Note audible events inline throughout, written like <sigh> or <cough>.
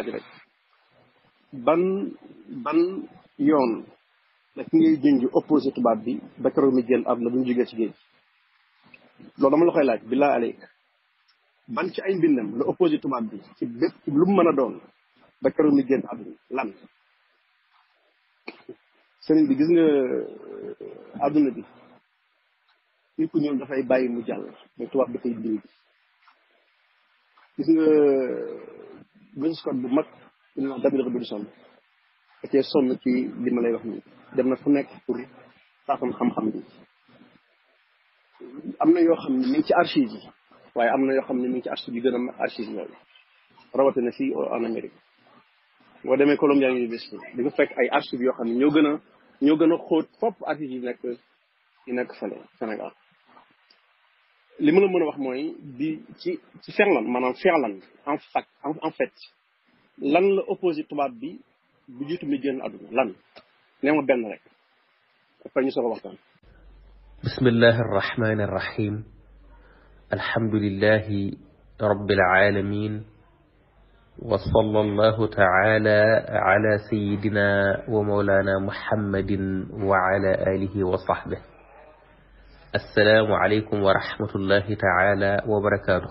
laaj rek ban ban yoon la ki ngay jënj opposé tubaab bi ba keroog mi génn àdduna bu ñu jógee ci géej loolu dama la laaj billaa aleyk ban ci ay mbindam la opposé tubaab bi lu mu mën a doon ba keroog génn àdduna lan sëriñ bi gis nga euh, àdduna bi nit ku ñëw dafay bàyyi mu jàll mais tubaab dafay bind gis nga Bon Scott bu mag bu ñuy wax David Robinson da cee sonn ci li ma lay wax nii dem na fu nekk pour taatam xam-xam bi am na yoo xam ne mi ngi ci archives yi waaye am na yoo xam ne mi ngi ci archives yi gën a mag archives yooyu rawatina fii en Amérique boo demee Columbia University di fekk ay archives yoo xam ne ñoo gën ñoo gën a xóot fopp archives yi nekk yi nekk fële Sénégal li ma la mën a wax mooy di ci ci ferland maanaam ferland en fac en fait lan la opposé tubaab bi bu jiitu mi génn àdduna lan nee ma benn rek après ñu soog a waxtaan bismillahi arrahmani arrahim alhamdulillahi rabbil alamin wa sallallahu taala ala sayidina wa maulana muhammadin wa ala alihi wa sahbihi assalaamu aleykum wa rahmatullahi taala wa barakaatu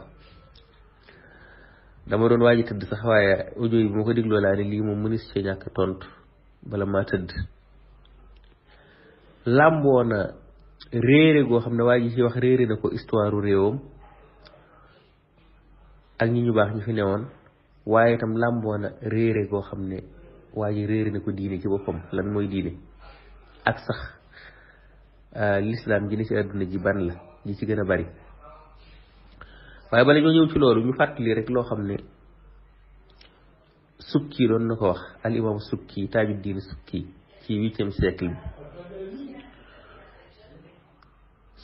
dama doon waaji tëdd sax waaye audio yi ko dégloo laa lii moom mënis cee ñàkk tontu bala maa tëdd làmboo na goo xam ne waa ji ci wax réere na ak ñi ñu baax ñu fi newoon waaye itam làmboo na réere xam ne waa ji réere na ko diine ci boppam lan mooy diine ak sax Euh, lislaam ji ni ci àdduna ji ban la ñi ci gën a bari waaye bala ñoo ñëw ci loolu ñu fàttali rek loo xam ne sukki doon na ko wax al imam sukki tajuddin sukki ci huitième siècle bi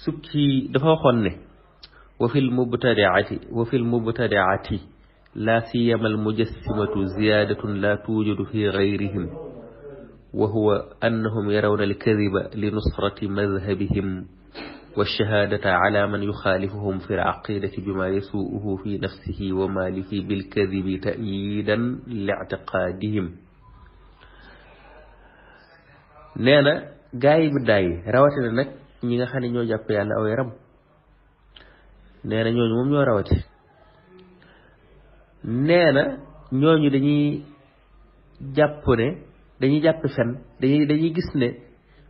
sukki dafa waxoon ne wa fil mubtadiati wa fil mubtadiati la siyama al mujassimatu ziyadatun la tujadu fi gayrihim وهو أنهم يرون الكذب لنصرة مذهبهم والشهادة على من يخالفهم في العقيدة بما يسوءه في نفسه وماله بالكذب تأييدا لاعتقادهم nee na gaa yi biddaa yi rawatina nag ñi nga xam ne ñoo jàpp yàlla aw yaram nee na moom ñoo rawati nee na ñooñu dañuy dañuy jàpp fen dañuy dañuy gis ne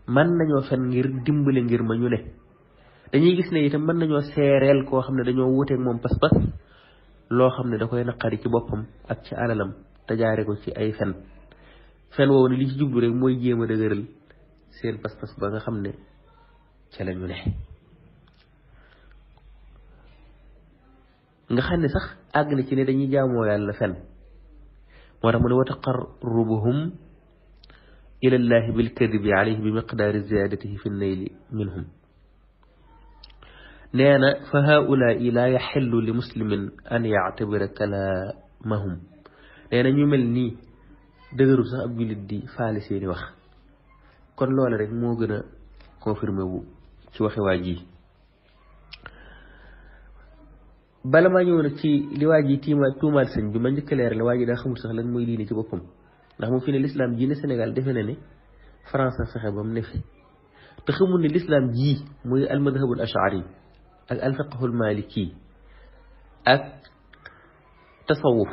man nañoo fen ngir dimbale ngir ma ñu ne dañuy gis ne itam mën nañoo seereel koo xam ne dañoo wuteeg moom pas-pas loo xam ne da koy naqari ci boppam ak ci alalam te jaare ko ci ay fen fen woowu ne li ci jublu rek mooy jéem a seen pas-pas ba nga xam ne ca la ñu ne nga xam ne sax àgg na ci ne dañuy jaamoo yàlla fen moo tax mu ne wa taqarrubuhum ila llahi bil kadibi alayhi bi fi nayli minhum nee na fa haulaai laa yaxillu li muslimin an yactabira kalaamahum nee ñu mel nii dëgërul sax ab jullit faale seeni wax kon loole rek moo gën a confirmé wu ci waxi waa ji bala maa ñëw nag ci li waa ji tuumaal sëñ bi ma njëkk leer la waa daa xamul sax lan mooy diine ci boppam ndax moom fi ne lislaam ji ne Sénégal defe na ne France a fexe ba mu ne fi te xamul ne lislaam jii muy almadhabul ashari ak alfiqhul maliki ak tasawuf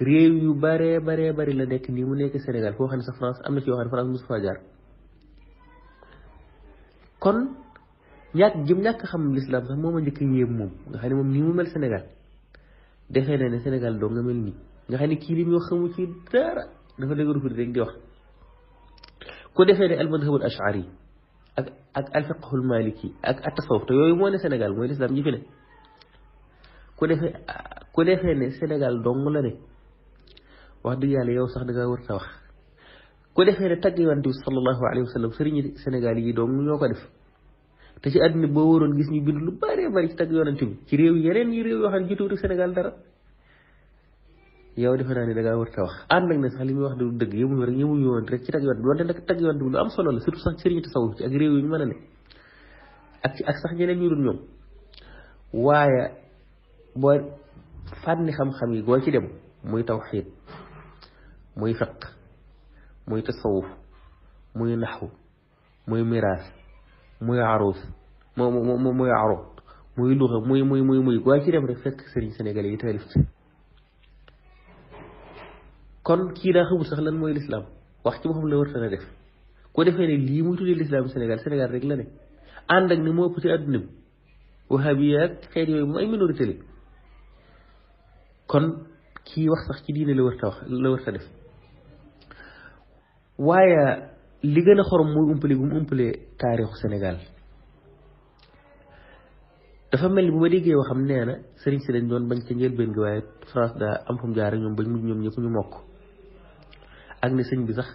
réew yu baree bare bari la nekk nii mu nekk Sénégal foo xam ne sax am na ci yoo xam ne France mosu faa jaar kon ñàkk jëm ñàkk xam lislaam sax moom a njëkk yéem moom nga xam ne moom nii mu mel Sénégal defee na ne Sénégal doo nga mel nii nga xam ne kii li ñu xamu ci dara dafa dëgëru fi rek di wax ku defee ne al madhabul ashari ak ak al fiqhul maliki ak at tasawuf yooyu moo ne Sénégal mooy lislaam ji fi ne ku defee ku defee ne senegal dong la ne wax dëgg yàlla yow sax da ngaa war a wax ku defee ne tagg yonent bi sallallahu alayhi wa sallam sëriñi yi dong ñoo ko def te ci àddina boo waroon gis ñu bind lu bëree bëri ci tagg bi ci réew yeneen yi réew yoo xam ne senegal Sénégal dara. yow defe naa ne da ngaa a wax ànd ak ne sax li muy wax du dëgg yëmuñu rek yëmuñu woon yoon doonte nag teg yoon bi lu am solo la surtout sax sëriñu tasawuf ci ak réew yi ñu mën a ne ak ci ak sax ñeneen ñu dul waaye boo fànni xam-xam yi goo ci dem muy tawxiid muy fiq muy tasawuf muy naxu muy miraas muy aruus muy muy muy aruud muy luxa muy ci dem rek fekk sëriñ Sénégal yi taalif kon kii daa xamul sax lan mooy lislaam wax ci boppam la war a def ku defee ne lii muy tuddee lislaam Sénégal Sénégal rek la ne ànd ak ne moo ëpp ci àdduna bi wahabiya ak xeet yooyu moom ay minorité la kon kii ci diine la war a la war a def waaye li xorom mooy umpale bu mu umpalee taarixu Sénégal dafa mel ni bu ma déggee waxam nee na sëriñ si dañ doon bañ ca njëlbeen gi waaye France daa am fu mu jaar ñoom bañ mujj ñoom ñëpp ñu mokk ak ne sëñ bi sax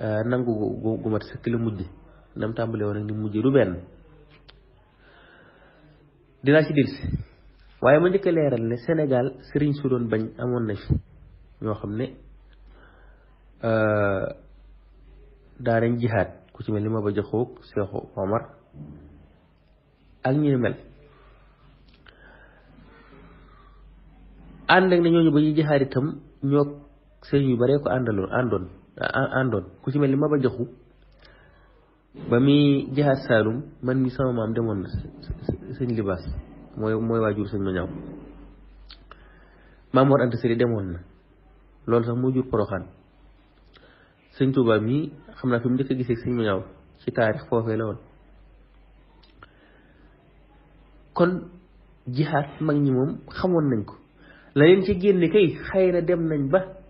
euh, nangu gu gu mat sëkk la mujj nam tàmbale woon ak ni mujj du benn dinaa ci delsi waaye ma njëkk leeral ne Sénégal sëriñ su doon bañ amoon nañ ñoo xam ne euh, daanañ jihaad ku ci mel ni ma ba joxoog Seexu Omar ak ñu mel ànd ak ne ñooñu ba ñu itam ñoo sëriñ yu baree ko àndaloon àndoon àndoon ku ci mel ni Maba Jaxu ba muy jaxaat Saalum man mi sama maam demoon na sëñ libaas mooy mooy waajur sëñ ma ñaw maam war sax moo jur poroxaan mu njëkk a gisee sëñ ma ñaw ci taarix foofee la woon kon jihaat mag ñi moom xamoon nañ ko la leen ci génne kay xëy na dem nañ ba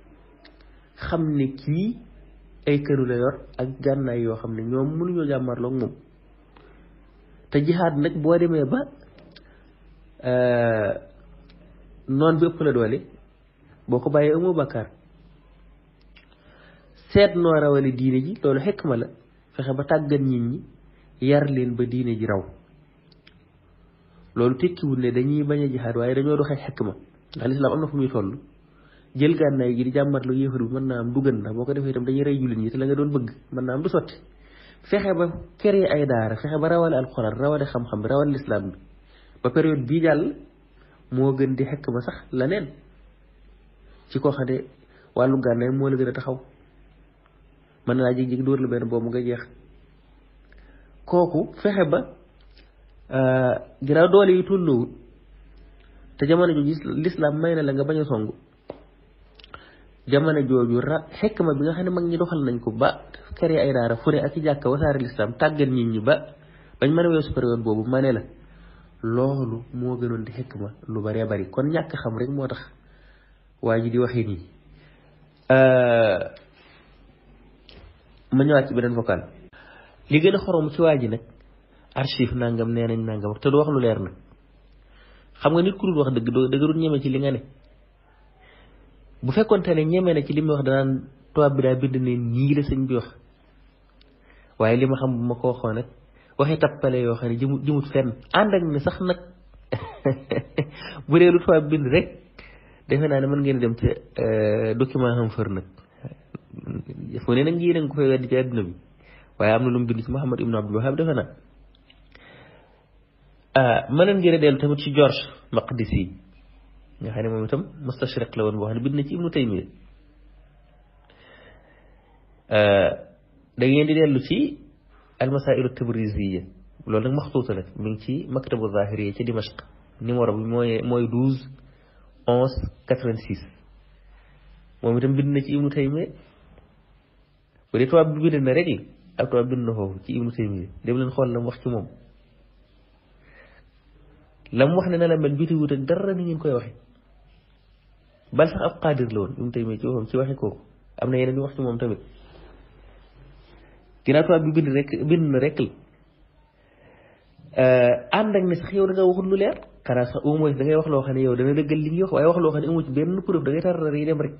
xam ne kii ay këru la yor ak gànnaay yoo xam ne ñoom mënuñoo jàmmarloog moom te jixaat nag boo demee ba euh, noon bi ëpp la doole boo ko bàyyee amoo bakkaar seet noo rawale diine ji loolu ma la fexe ba tàggat nit ñi yar leen ba diine ji raw loolu tekkiwul ne dañuy bañ a jihaad waaye dañoo doxee xikma ndax lislaam am na fu muy toll jël gànnaay gi di jàmmatloo yéefar bi mën naa am du gën ndax boo ko defee itam dañuy rey jullit ñi te la nga doon bëgg mën naa am du sotti fexe ba créer ay daara fexe ba rawale alxuraan rawale xam-xam bi rawale lislaam ba période bii jàll gën di xekk ba sax la neen wàllu gànnaay gën a taxaw mën naa jig-jig dóor la benn boobu jeex kooku fexe ba euh, ginnaaw doole yi tolluwut te jamono jooju lislaam may na la nga bañ a songu jamono jooju ra xekma bi nga xam ne mag ñi doxal nañ ko ba créé ay daara fure ak i jàkka wasaare lislaam tàggat nit ñi ba bañ mën a weesu période boobu mane ne la loolu moo gënoon di xekma lu baree bari kon ñàkk xam rek moo tax waa ji di waxee nii euh, ma ñëwaat ci beneen vocal li gën a xorom ci waa ji nag archive nangam nee nañ nangam te du wax lu leer nag xam nga nit ku dul wax dëgg doo dëgg du ñeme ci li nga ne. bu fekkonte ne ñeme na ci li muy wax danaan tubaab bi daa bind ne nii la sëñ bi wax waaye li ma xam bu ma ko waxoon nag waxi tappale yoo xam ne jëmut jëmut fenn ànd ak sax nag <laughs> bu dee lu bind rek defe naa ne mën ngeen dem ci euh, document xam fër nag fu ne nag yéen a ngi ko bi waaye am na lu mu bind ci Muhammad ibnu Abdul Wahab defe naa euh, mëneen ngeen a dellu tamit ci George Maqdisi nga moom itam mustashriq la woon boo xam bind na ci ibnu taymiya euh, da ngeen di dellu ci almasailu tabriziya loolu nag maxtuuta la mi ngi ci maktabu zahiriya ci dimashq numéro bi mooy mooy douze onze quatre-vingt-six moom itam bind na ci ibnu taymiya bu dee tubaab bi bind na rek ab tubaab bind na foofu ci ibnu taymiya dem ne na la mel juuti koy waxe bal sax ab xaadir la woon Ibnu Taymiya ci waxam ci waxi kooku am na yeneen yu wax ci moom tamit ginnaaw tubaab bi bind rek bind na rek eh, ànd ak ne sax yow da nga waxul lu leer xanaa da ngay wax loo xam ne yow dana dëggal li ñuy wax waaye wax loo xam ne amu ci benn preuve da ngay tarar yi dem rek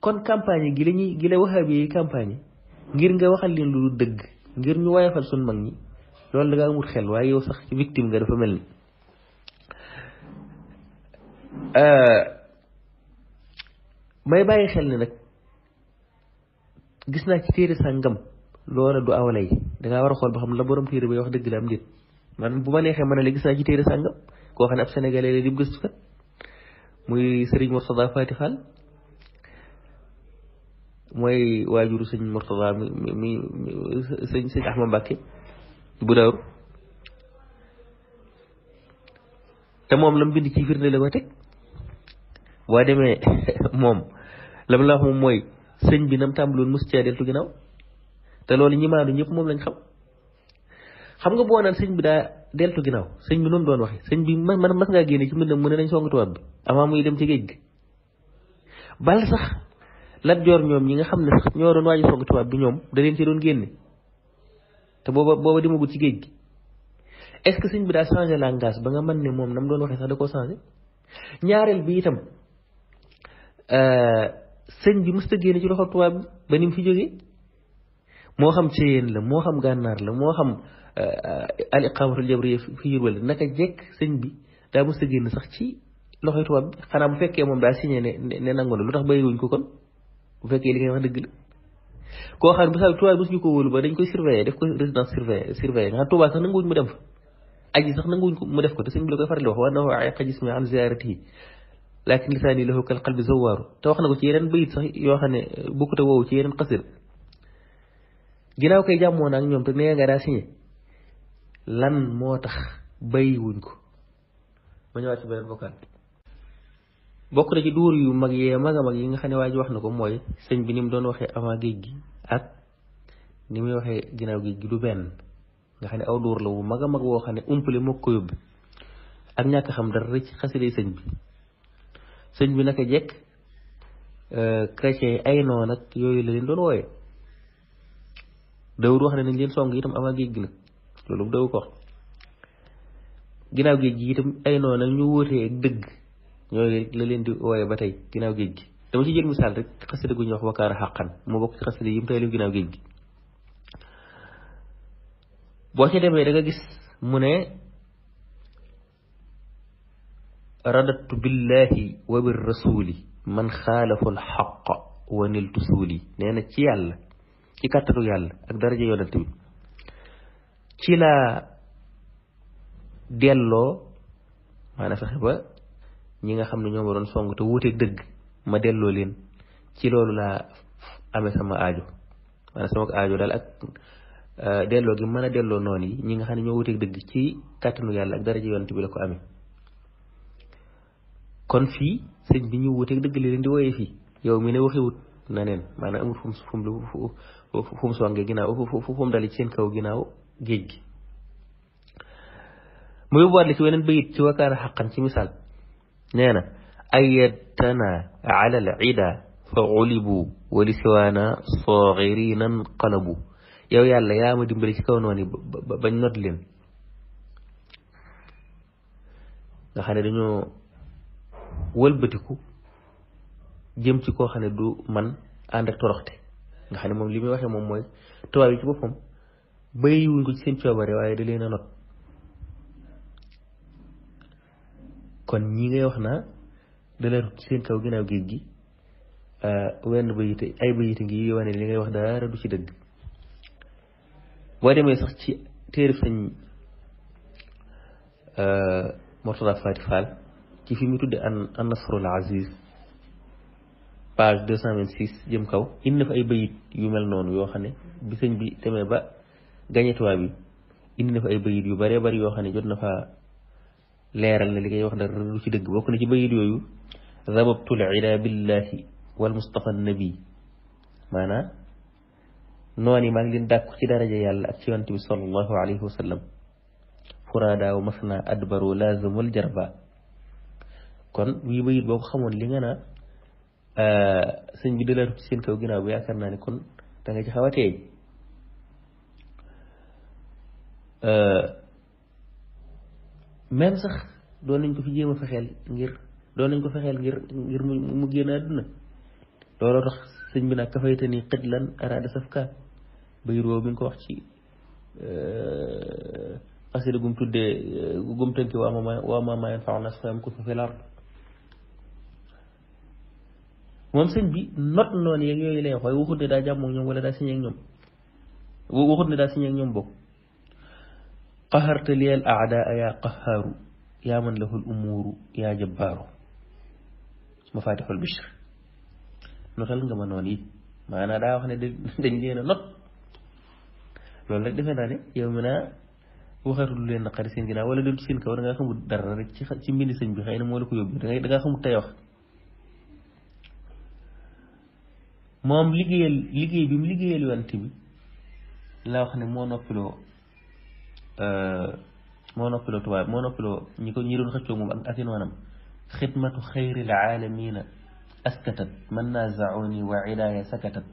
kon campagne gi la ñuy gi la waxaabi yi campagne ngir nga waxal leen lu dëgg ngir ñu wayafal suñ mag ñi loolu da ngaa amul xel waaye yow sax victime nga dafa mel ni Euh, may bàyyi xel ne nag gis naa ci téere sàngam loola du awla yi dangaa war a xool ba xam la borom téere bay wax dëgg la am déet maanaam ma neexee ma ne la gis koo xam ne ab sénégalais la dib gëstu kat muy Serigne Mourtada Fati Fall mooy waajuru sëñ Mourtada mi mi mi sëñ sëñ Ahmad Mbacke bu daaru te moom la mu bind ci firnde la ko waa demee <laughs> moom lam la wax moom mooy sëñ bi nam tàmbaloon mos cee deltu te loolu ñi maandu ñëpp moom lañ xam xam nga boo naan sëñ bi daa deltu ginnaaw sëñ bi noonu doon waxe sëñ bi man man mas ngaa génne ci mbindam mu ne nañ song tubaab bi avant muy dem ci géej gi bal sax Lat Joor ñoom ñi nga xam ne sax ñoo doon waaji song tubaab bi ñoom daleen ci doon génne te booba booba ci géej gi est-ce que sëñ bi daa changé langage ba nga mën ne moom nam doon waxee sax da koo changé ñaareel bi itam Euh, sëñ bi mësta génne ci loxo tubaab ba ni mu fi jógee moo xam Ceyeen la moo xam gànnaar la moo xam euh, al iqamatul jabriya fi Yurbel naka jekk sëñ bi daa mësta génn sax ci loxoy tubaab bi xanaa bu fekkee moom daa signé ne ne nangu na lu tax bàyyiwuñ ko kon bu fekkee li ngay wax dëgg la koo xam ne misaal tubaab bi mësuñu ko wóolu ba dañ koy surveiller def ko résidence surveillée surveillée nga xam tubaab sax nanguwuñ mu dem fa aji sax nanguwuñ ko mu def ko te sëñ bi la koy faral di wax wa annahu aqa jismi an ziyaratihi laakin lisaani lahu kal qalbi zawaaru te wax na ko ci yeneen bayit sax yoo xam ne euh, bokkute woowu ci yeneen xasida ginnaaw koy jàmmoon ak ñoom te nee nga lan moo tax bàyyiwuñ ko ma ñëwaat ci beneen ci duur yu mag yee mag a mag nga xam ne waa ji wax na ko mooy sëñ bi ni doon waxee avant gii gi ak ni muy waxee ginnaaw géej gi du benn nga xam ne aw duur la wu mag a mag woo xam ne umpale moo ko yóbbi ak ñàkk xam dara ci xasida sëñ bi sëñ bi naka jekk euh, chrétien ay noon nag yooyu la leen doon wooye dawud wax ne nañ leen song itam avant géej gi nag loolu daw ko wax ginnaaw géej gi itam ay noon nag ñu wóotee dëgg ñooyu la leen di wooye ba tey ginnaaw géej gi dama ci jël misaal rek ci xasida gu ñuy wax wakaana xàqan bokk ci xasida yi mu tey lu ginnaaw géej gi boo ci demee da gis mu ne radattu billahi wa bir rasuli man xaalafa al xaq wa niltu suuli nee na ci yàlla ci kàttanu yàlla ak daraja yonent bi ci laa delloo maanaam fexe ba ñi nga xam ne ñoo ma doon song te wuuteeg dëgg ma delloo leen ci loolu laa amee sama aajo maanaam sama aajo daal ak euh, delloo gi mën a delloo noonu yi ñi nga xam ne ñoo wuteeg dëgg ci kàttanu yàlla ak daraja yonent bi la ko amee kon fii sëñ bi ñu wuuteeg dëgg li leen di wooyee fii yow mi ne waxiwut na neen maanaam amul fu mu fu mu fu mu songee ci seen kaw ginnaaw géej gi. mu yóbbuwaat li ci weneen bayit ci wakaara xaqan ci misaal nee na ayyadtana ala al ida fa ulibu wa li siwaana saagirina nqalabu yow yàlla yaa ma ci kaw noonu ba bañ not leen nga xam dañoo wëlbatiku jëm ci koo xam ne du man ànd ak toroxte nga xam ne moom limuy muy waxee moom mooy tubaab yi ci boppam bàyyiwuñ ko ci seen coobare waaye da leen a not kon ñi ngay wax naa da leen ci seen kaw ginnaaw géej gi eh, wenn bayit ay bayit ngi wane li ngay wax dara du ci dëgg boo demee sax ci téere sëñ eh, Murtada Faati Fall ci fi mu tudde an an nasrul aziz page deux cent vingt six jëm kaw indi fa ay bayit yu mel noonu yoo xam ne bi sëñ bi demee ba gañe tubaab bi indi fa ay bayit yu baree bari yoo xam ne jot na fa leeral na li ngay wax dara du ci dëgg bokk na ci bayit yooyu rababtul ila billahi wal mustafa nabi maanaam noonu maa ngi leen dàkku ci daraja yàlla ak ci yonent bi sallallahu alayhi wa sallam furaada wa masna adbaru laazamul jarba kon wii bayit boo ko xamoon li na euh, sëñ bi dalaatu ci seen kaw ginnaaw bi yaakaar naa ne kon da nga xaw a teey euh, même sax doon nañ ko fi jéem fexeel ngir doon nañ ko fexeel ngir mu mu génn àdduna looloo tax sëñ bi nag kafayta ni xit lan araada safka bayit woowu bi ko wax ci euh, xasida gum tuddee gum tënki waa ma waa ma maayen fayam ko fa fi moom sëñ bi not noonu yooyu lay xooy waxut ne daa jàmmoog ñoom wala daa siñe ak ñoom waxut ne daa siñe ak ñoom bokk qaharta liyal aadaa yaa qahaaru yaa man lahul umuuru yaa jabbaaru mafatihul bishr notal nga ma noon yi maanaam daa wax ne dañ leen a not loolu nag defe naa ne yow mi naa waxatul leen naqari seen ginnaaw wala dul seen kaw da ngaa xamul dara rek ci ci mbind bi xëy na moo la ko yóbbu da ngaa xamul moom liggéeyal liggéey bi mu liggéeyal yonent bi la wax ne moo noppiloo euh, moo noppiloo tubaab moo noppiloo ñi ko ñi doon xëccoo moom ak asinoonam xidmatu xayril aalamiina askatat man naazauni wa idaaya sakatat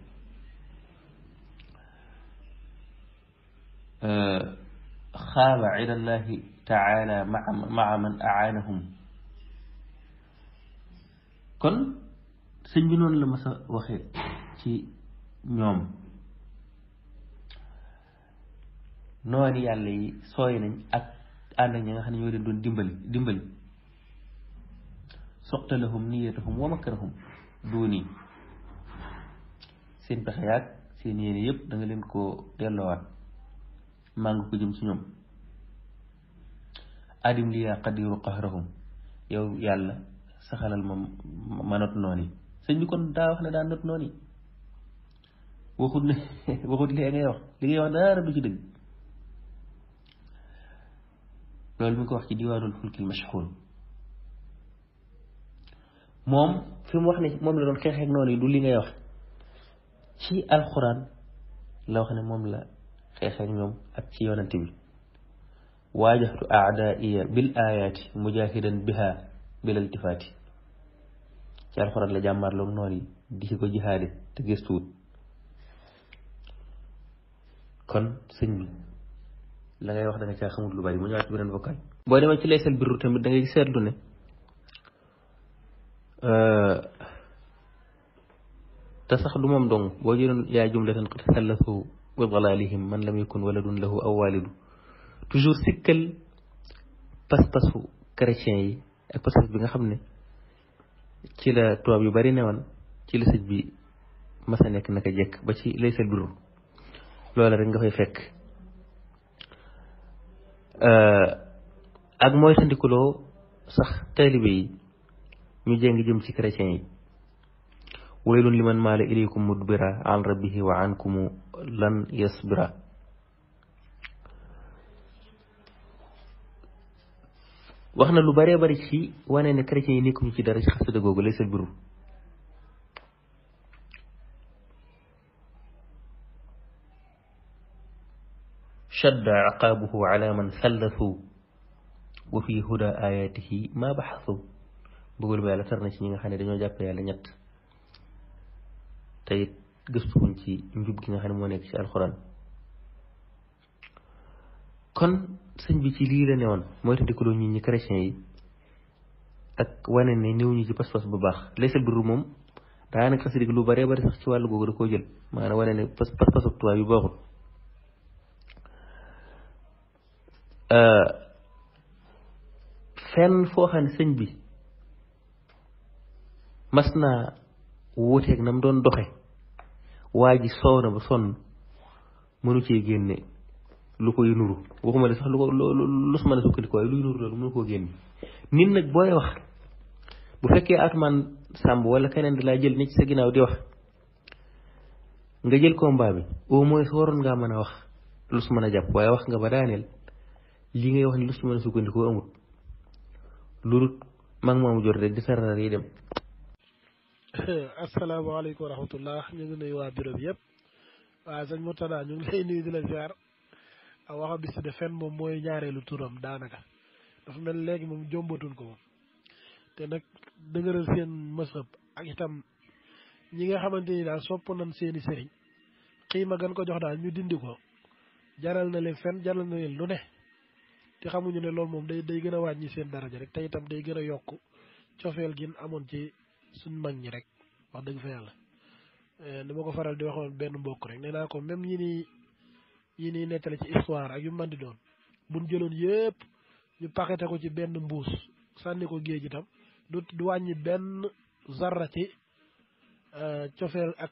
euh, xaaba ila llahi taala maa man aanahum kon sëñ bi noonu la ma sa waxee ci ñoom noonu yàlla yi sooy nañ ak ànd ak ñi nga xam ne ñoo leen doon dimbali dimbali suqta lahum niyatahum wa makrahum duuni seen pexe yaag seen yéene yëpp danga leen koo delloowaat maa ngi ko jëm ci ñoom adim liyaa qadiru qahrahum yow yàlla saxalal ma ma not noonu yi sëñ kon daa wax ne daa not noonu waxut li waxut li ngay wax li ngay wax dara du ci dëgg loolu mi ngi ko wax ci diwaanul fulkil mashxuun moom fi mu wax ne moom la noonu yi du li ngay wax ci alxuraan la wax ne moom la xeexeek ñoom ak ci yonante bi waajahtu aadaaiya bil ayaati mujahidan biha bil altifaati ci alxuraan la jàmmaarloog noonu yi di ci ko jihaade te gëstuwut kon sëñ bi la ngay wax da nga lu bari mu ñëwaat ci beneen vocal boo demee ci laysal birru tamit da seetlu ne euh, te sax du moom dong boo jëloon yaa jumlatan qad xallasu wa dalalihim man lam yakun waladun lahu aw walidu toujours sikkal pas-pasu chrétien yi ak bi nga xam ne ci la tubaab yu bari newoon ci la sëñ bi masa nekk naka jekk ba ci laysal birru loola rek nga fay fekk euh, ak mooy tandikuloo sax taalibe yi ñu jéng jëm ci chrétien yi waylun liman maala ilaykum mudbira an rabbihi wa ankumu lan yasbira wax na lu bare bëri ci wane ne chrétien yi nekkuñu ci dara ci xasida googu lay sa شد عقابه على من ثلثوا وفي هدى آياته ما بحثوا bëggul ba na ci ñi nga xam ne dañoo jàpp yàlla ñett te it gëstuwuñ ci njub gi nga xam ne moo nekk ci alxuraan kon sëñ bi ci lii la ne woon mooy te dikkuloo ñi ñi chrétien yi ak wane ne néew ñu ci pas-pas bu baax laysal birru moom daanaka xasida gi lu bare bari sax ci wàllu googu da koo jël maanaam wane ne pas-pas pas tubaab yi Euh, fenn foo xam sëñ bi mas naa wuuteeg na mu doon doxe waa ji soow na ba sonn mënu cee génne lu koy nuru waxuma ne sax lu ko lu nuru loolu mënu koo génne nit nag booy wax bu fekkee Atoumane Samb wala keneen di laa jël ni sa ginnaaw di wax nga jël combat bi au moins waroon ngaa mën a wax lu su mën a jàpp waaye wax nga ba daaneel lii ngay wax ni lu ci mën a sukkandikoo amut loolu mag maamu jot rek di sarar yi dem <coughs> asalaamaaleykum wa rahmatullah ñu ngi nuyu waa bureau bi yëpp waaye sëñ Mourtada ñu ngi lay nuyu di la ziar waxa bis de fen moom mooy ñaareelu turam daanaka dafa mel léegi moom jombatuñ ko moom te nag dëgëral seen mësëb ak itam ñi nga xamante ni daal sopp nañ seeni sëriñ xiima gan ko jox daal ñu dindi ko jaral na leen fen jaral na leen lu ne te xamuñu ne loolu moom day day gën a wàññi seen daraja rek te itam day gën a yokk cofeel gin amoon ci suñ mag ñi rek wax dëgg fa yàlla eh, ni ma ko faral di waxoon benn mbokk rek nee naa ko même yi ni yi ni nettali ci histoire ak yu mën doon buñ jëloon yépp ñu paqueté ko ci benn mbuus sànni ko géej itam du du wàññi benn zarra ci eh, cofeel ak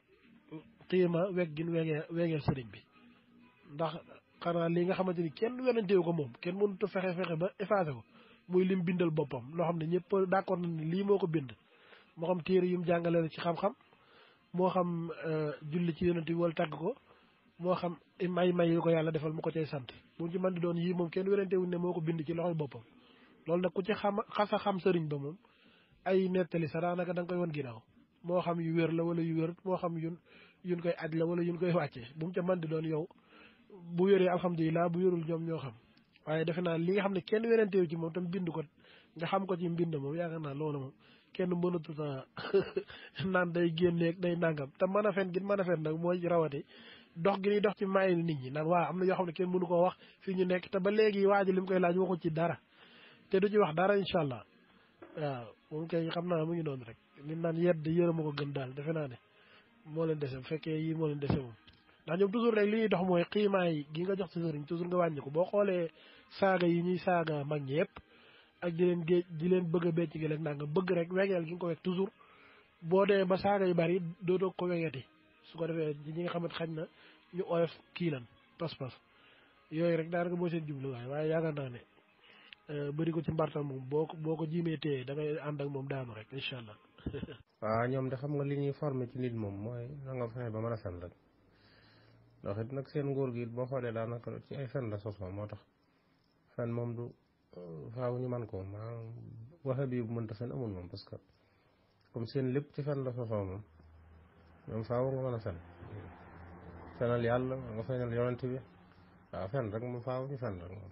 xiima weg gin wegee wegeel sëriñ bi ndax xanaa li nga xamante ni kenn werantewu ko moom kenn mënut to fexe fexe ba effacé ko muy lim bindal boppam loo xam ne ñëpp d'accord na ne lii moo ko bind moo xam téere yum jàngale la ci xam-xam moo xam euh, julli ci yonent bi wala tàgg ko moo xam may may yu ko yàlla defal mu ko sant moom ci mën di doon yii moom kenn werantewuñ ne moo ko bind ci loxoy boppam loolu nag ku ci xam xasa xam sëriñ ba moom ay nettali sa daanaka da nga koy wan ginnaaw moo xam yu wér la wala yu wér moo xam yun yun koy aj la wala yun koy wàccee bu mu ca man di doon yow bu yoree alhamdulilah bu yorul ñoom ñoo xam waaye defe naa li nga xam ne kenn weranteewu ci moom tam bind ko nga xam ko ci mbind moom yaakaar naa loolu moom kenn mënatut a <laughs> naan day génneeg day nangam te mën a fen gi mën a mooy rawati dox gi dox ci maayil nit ñi naan waa am na yoo xam ne kenn mënu koo wax fii ñu nekk te ba léegi waa ji li koy laaj waxu ci dara te du ci wax dara incha allah waaw moom kay xam naa mu ngi noonu rek nit naan yedd yërëma ko gën daal defe naa ne moo leen dese bu fekkee yii moo leen dese moom ndax ñoom toujours rek li ñuy dox mooy xiimaay gi nga jox sa sëriñ toujours nga wàññi ko boo xoolee saaga yi ñuy saaga mag ñi yëpp ak di leen di leen bëgg a bécc gi rek naa nga bëgg rek wegeel gi nga ko weg toujours boo dee ba saaga yu bari dootoo ko wegeeti su ko defee ñi nga xamante xañ na ñu oyof kii lan pas-pas yooyu rek daanaka mooy seen jubluwaay waaye yaakaar naa ne euh, bëri ko ci mbartal moom boo ko boo ko jiimee téye da ngay ànd ak moom daanu rek incha allah. waaw <laughs> ah, ñoom de xam nga li ñuy formé ci nit moom mooy na nga fexe a sant ndax it nag seen nguur gi it boo xoolee daanaka ci ay fen la sosoo moo tax fen moom du faaw ñu man koo maanaam waxe bi bu mënta fen amul moom parce que comme seen lépp ci fen la sosoo moom ñoom faaw nga mën a fen fenal yàlla nga fenal yonent bi waaw fen rek moom faaw ñu fen rek moom